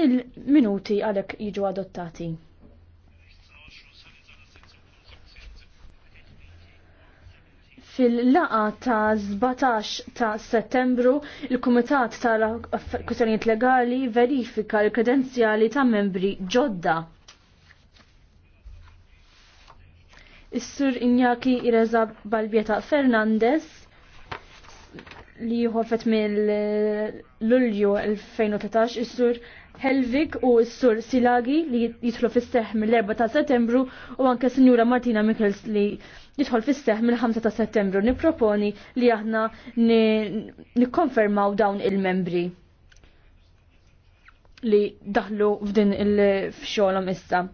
Il-minuti għalek jiġu adottati. Fil-laqa ta' 17 ta' settembru, il-Kumitat tal-Kwistjonijiet Legali verifika l-kredenzjali ta' membri ġodda. Is-Sur Injaki Ireza Balbieta Fernandez li ħolfet mill-Lulju eh, 2013 is-sur Helvik u s-sur Silagi li jidħlu fis-seħ mill-4 ta' Settembru u anke Sinjura Martina Mikkels li jidħol fis-seħ mill-5 ta' Settembru. Nipproponi li aħna nikkonfermaw dawn il-membri li daħlu f'din il-fxolom issa.